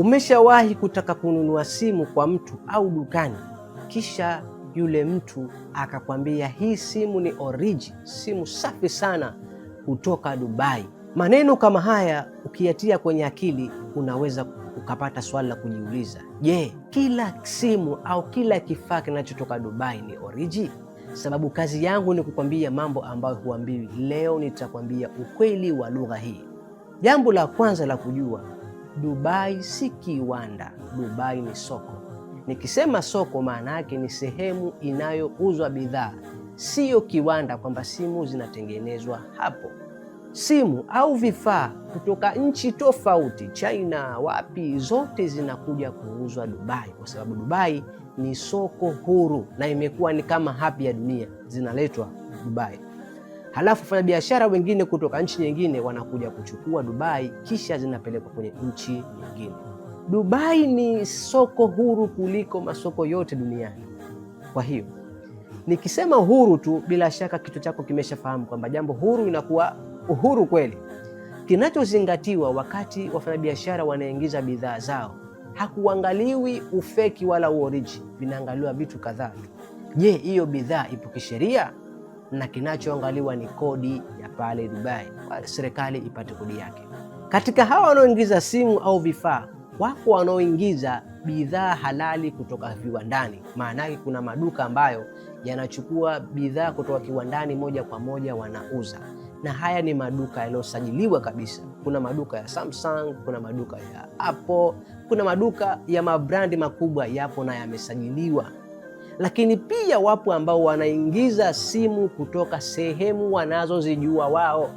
Umeshawahi kutaka kununua simu kwa mtu au dukani, kisha yule mtu akakwambia hii simu ni oriji, simu safi sana kutoka Dubai. Maneno kama haya ukiyatia kwenye akili, unaweza ukapata swali la kujiuliza, je, kila simu au kila kifaa kinachotoka Dubai ni oriji? Sababu kazi yangu ni kukwambia mambo ambayo huambiwi. Leo nitakwambia ukweli wa lugha hii. Jambo la kwanza la kujua Dubai si kiwanda, Dubai ni soko. Nikisema soko, maana yake ni sehemu inayouzwa bidhaa, siyo kiwanda kwamba simu zinatengenezwa hapo. Simu au vifaa kutoka nchi tofauti, China, wapi, zote zinakuja kuuzwa Dubai, kwa sababu Dubai ni soko huru na imekuwa ni kama hapi ya dunia, zinaletwa Dubai halafu wafanyabiashara wengine kutoka nchi nyingine wanakuja kuchukua Dubai, kisha zinapelekwa kwenye nchi nyingine. Dubai ni soko huru kuliko masoko yote duniani. Kwa hiyo nikisema huru tu, bila shaka kichwa chako kimeshafahamu kwamba jambo huru inakuwa uhuru kweli. Kinachozingatiwa wakati wafanyabiashara wanaingiza bidhaa zao, hakuangaliwi ufeki wala uoriji, vinaangaliwa vitu kadhaa tu. Je, hiyo bidhaa ipo kisheria? na kinachoangaliwa ni kodi ya pale Dubai, serikali ipate kodi yake. Katika hawa wanaoingiza simu au vifaa, wako wanaoingiza bidhaa halali kutoka viwandani. Maana yake kuna maduka ambayo yanachukua bidhaa kutoka kiwandani moja kwa moja wanauza, na haya ni maduka yaliyosajiliwa kabisa. Kuna maduka ya Samsung, kuna maduka ya Apple, kuna maduka ya mabrandi makubwa yapo na yamesajiliwa lakini pia wapo ambao wanaingiza simu kutoka sehemu wanazozijua wao.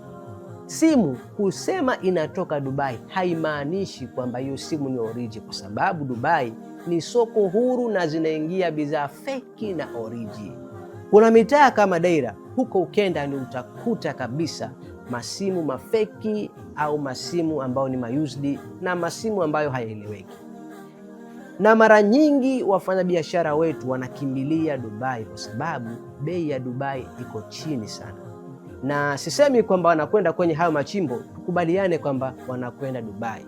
Simu kusema inatoka Dubai haimaanishi kwamba hiyo simu ni oriji, kwa sababu Dubai ni soko huru na zinaingia bidhaa feki na oriji. Kuna mitaa kama Daira huko, ukenda ni utakuta kabisa masimu mafeki au masimu ambayo ni mayusdi na masimu ambayo hayaeleweki na mara nyingi wafanyabiashara wetu wanakimbilia Dubai kwa sababu bei ya Dubai iko chini sana, na sisemi kwamba wanakwenda kwenye hayo machimbo, tukubaliane kwamba wanakwenda Dubai.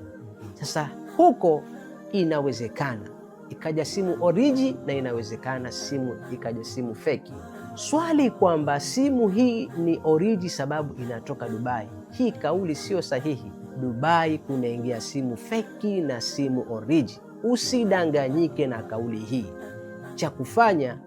Sasa huko inawezekana ikaja simu oriji na inawezekana simu ikaja simu feki. Swali kwamba simu hii ni oriji sababu inatoka Dubai, hii kauli sio sahihi. Dubai kunaingia simu feki na simu oriji. Usidanganyike na kauli hii. Cha kufanya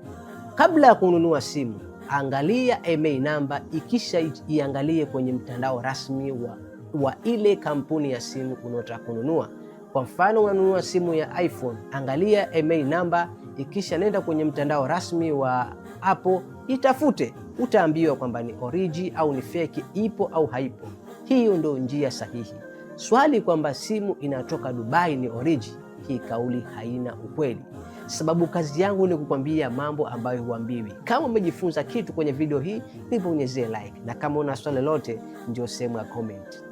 kabla ya kununua simu, angalia MA namba, ikisha iangalie kwenye mtandao rasmi wa, wa ile kampuni ya simu unaotaka kununua. Kwa mfano unanunua simu ya iPhone, angalia MA namba, ikisha nenda kwenye mtandao rasmi wa Apple, itafute, utaambiwa kwamba ni oriji au ni feki, ipo au haipo. Hiyo ndio njia sahihi. Swali kwamba simu inatoka Dubai ni oriji hii kauli haina ukweli, sababu kazi yangu ni kukwambia mambo ambayo huambiwi. Kama umejifunza kitu kwenye video hii, nipo, like, na kama una swali lolote, ndio sehemu ya comment.